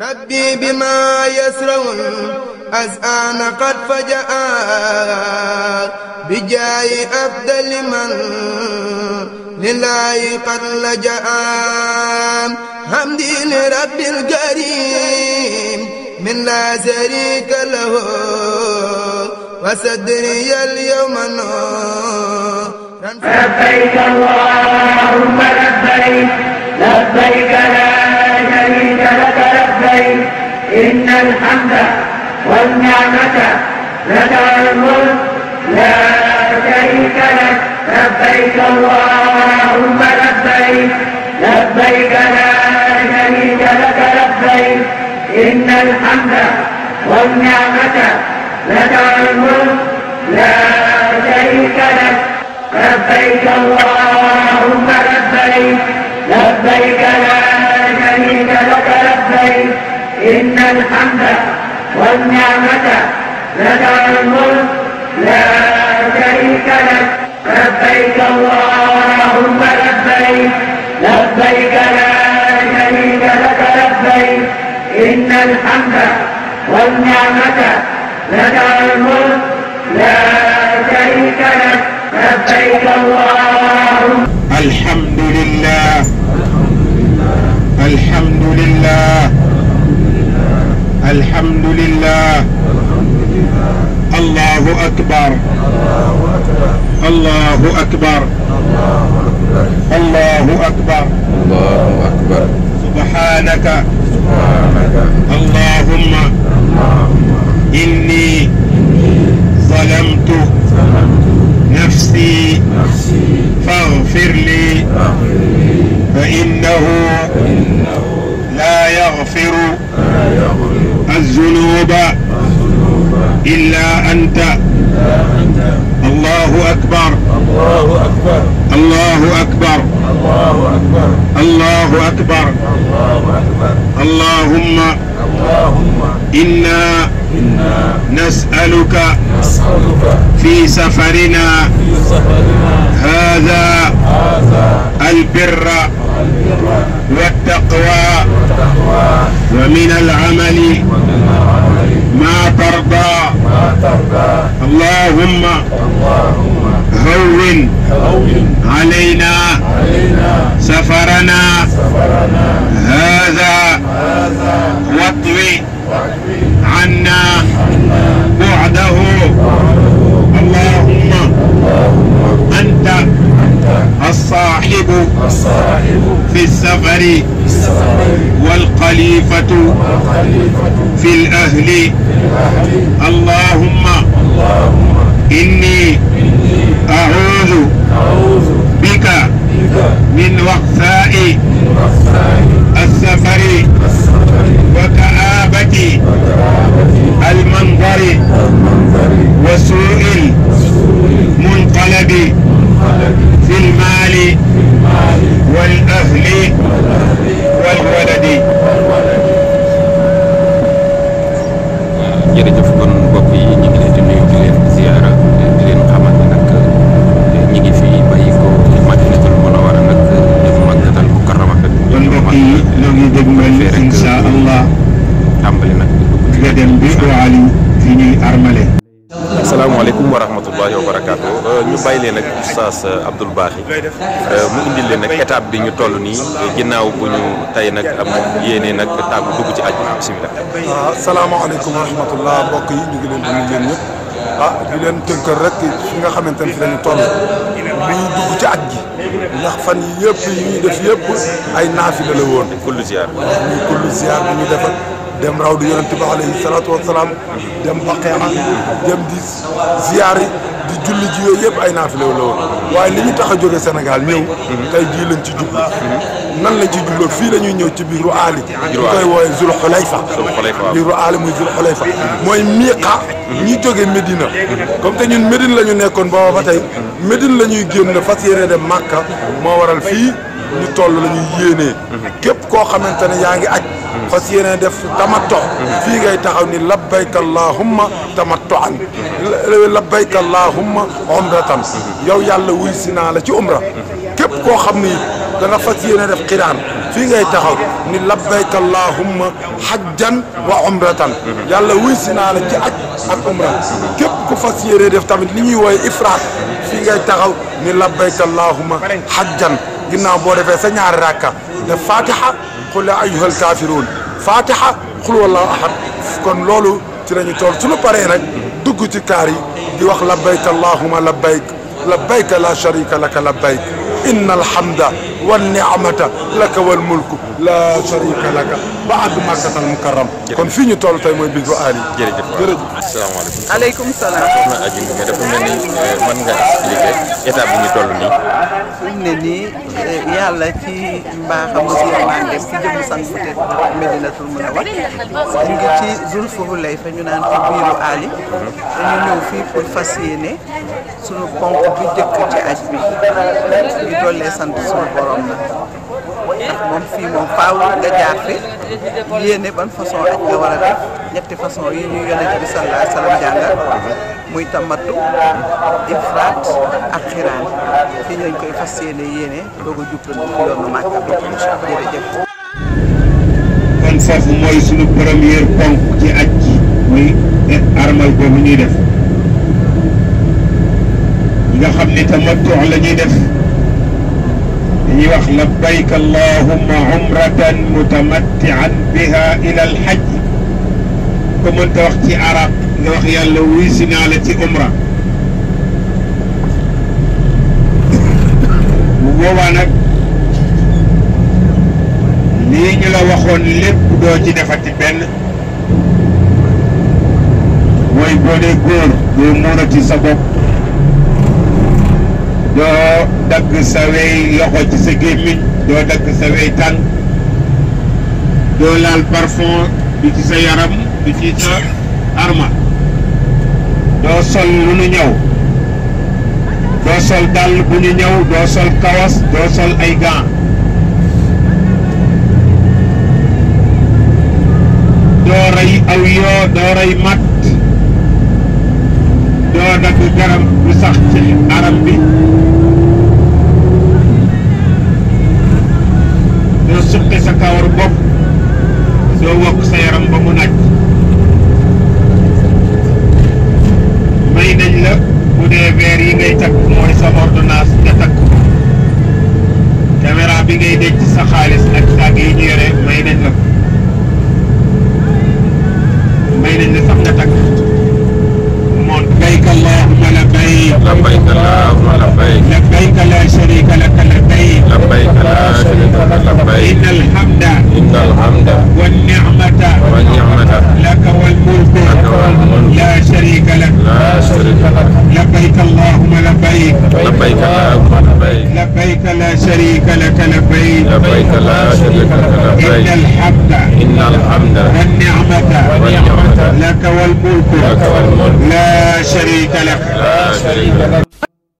ربي بما يسرون أزآن قد فجأ بجاي أبدل من لله قد لجأ حمدي لرب الكريم من لا شريك له وصدري اليوم نور لبيك اللهم لبيك لبيك لا الليل إن الحمد والنعمة لك والملك لا شريك لك لبيك اللهم لبيك لبيك لا شريك لك لبيك إن الحمد والنعمة لك والملك لا شريك لك لبيك اللهم لبيك لبيك لا شريك لك إن الحمد والنعمة لك الملك لا شريك لك لبيك اللهم لبيك لبيك لا شريك لك لبيك إن الحمد والنعمة لك الملك لا شريك لك لبيك اللهم الحمد لله الحمد لله الحمد لله الله أكبر الله أكبر الله أكبر الله أكبر سبحانك اللهم إني ظلمت نفسي فاغفر لي فإنه لا يغفر الذنوب إلا أنت الله أكبر الله أكبر الله أكبر الله أكبر الله أكبر اللهم اللهم إنا نسألك في سفرنا في سفرنا هذا هذا البر والتقوى ومن العمل ما ترضى اللهم هون علينا سفرنا هذا واطوي عنا بعده اللهم أنت الصاحب في السفر والخليفة في الأهل اللهم إني أعوذ وسوء المنقلب bàyyi leen ak Oustaz euh, Abdoul Bakhy euh, mu indil leen nag étape bi ñu toll nii ginnaaw bu ñu tey nag am yéene nag tàggu dugg ci aj bi bisimilah. waaw ah, salaamaaleykum mbokk yi ñu ngi leen di nuyu yéen ñëpp ah di leen tënkal rek fi nga xamante ne fi la ñu toll bi ñu dugg ci aj gi fan yi yi ñuy def yëpp ay naafila la woon. kullu ziar bi ñu defal. dem rawdu yonent bi alayhi salaatu wasalaam dem baqiya dem di ziyari di julli ji yooyu ay nafile la way li ñu taxa jóge Sénégal ñëw tay ji lañ ci jublu nan la ci jubloo fi la ñëw ci biiru aali ñu koy wooyee Zul khulaifa biiru ali muy Zul khulaifa moy miqa ñi jóge Médina comme que ñun medina lañu nekkon nekkoon booba ba tey Médine la ñuy génn fas yéene dem Màkka mo waral fi ñu toll la ñuy yéenee képp koo xamante ne yaa ngi aj fas yéene def tamatto fii ngay taxaw ni labbayka allahumma tamattuan labbayka allahumma umratan yow yàlla wuy si naa la ci umra képp koo xam ni da nga fas yéene def xiraan fii ngay taxaw ni labbayka allahumma hajjan wa umratan yàlla wuy si naa la ci aj ak umra képp ku fas yéene def tamit li ñuy wooye ifraat fii ngay taxaw ni labbayka allahumma hajjan جناب بوري في سنة عراكة الفاتحة قل أيها الكافرون فاتحة قل والله أحد كن لولو تراني تور تلو باري رك دوكو دي وقت لبيك اللهم لبيك لبيك لا شريك لك لبيك إن الحمد والنعمة لك والملك لا شريك لك بعد مكة المكرم كن في نطول تايم ويبيض وآلي جري جري جري السلام عليكم عليكم السلام شو ما أجي نقول دفع مني من غير إسليك إذا بني طول مني مني يا الله كي ما خمسة يوم عن جسد كي جم سان بوتة مدينة المنور إن جتي زول فهو ليفن ينان كبير وآلي إنه في فسيني sunu ponk bi jëkk ci aj bi ñu dollee sant sunu borom la ndax moom fii moom faaw nga jaar fi yéene ban façon aj nga war ñetti façon yi ñu yonent bi sallallahu alayhi wasallam muy tamattu ifraat ak xiraan fii lañ koy fas yéene yéene doog a jublu ci yoonu Màkka bi jërëjëf kon foofu mooy sunu première ponk ci aj ji muy armal boobu ñuy def nga xam ni tamattu la ñuy def dañuy wax labbayka allahumma umratan mutamattian biha ila al hajj ko mënta wax ci arab nga wax yàlla wuy si naa la ci umra bu boobaa nag lii ñu la waxoon lépp doo ci defati benn mooy boo dee góor doo muurati sa bopp doo dagg sa wey loxo ci sa gémmiñ doo dagg sa wey tànk doo laal parfum du ci sa yaram du ci sa arma doo sol lu ñëw doo sol dàll bu ñu ñëw doo sol kawas doo sol ay gants doo rey aw doo rey mat doo dagg garam lu sax ci aram bi doo suqi sa kawar bopp doo wokk sa yaram ba mu naaj may nañ la bu dee weer yi ngay mooy sa ordonnance nga bi ngay denc sa xaalis yi ñu yore لبيك اللهم لبيك لبيك لا شريك لك لبيك لبيك لا شريك لك لبيك إن الحمد إن الحمد والنعمة والنعمة لك والملك لك والملك لا شريك لك لا شريك لك لبيك اللهم لبيك لبيك اللهم لبيك لا شريك لك لبيك لبيك لا شريك لك لبيك إن الحمد إن الحمد والنعمة والنعمة لك والملك لك والملك لا شريك لك لا شريك لك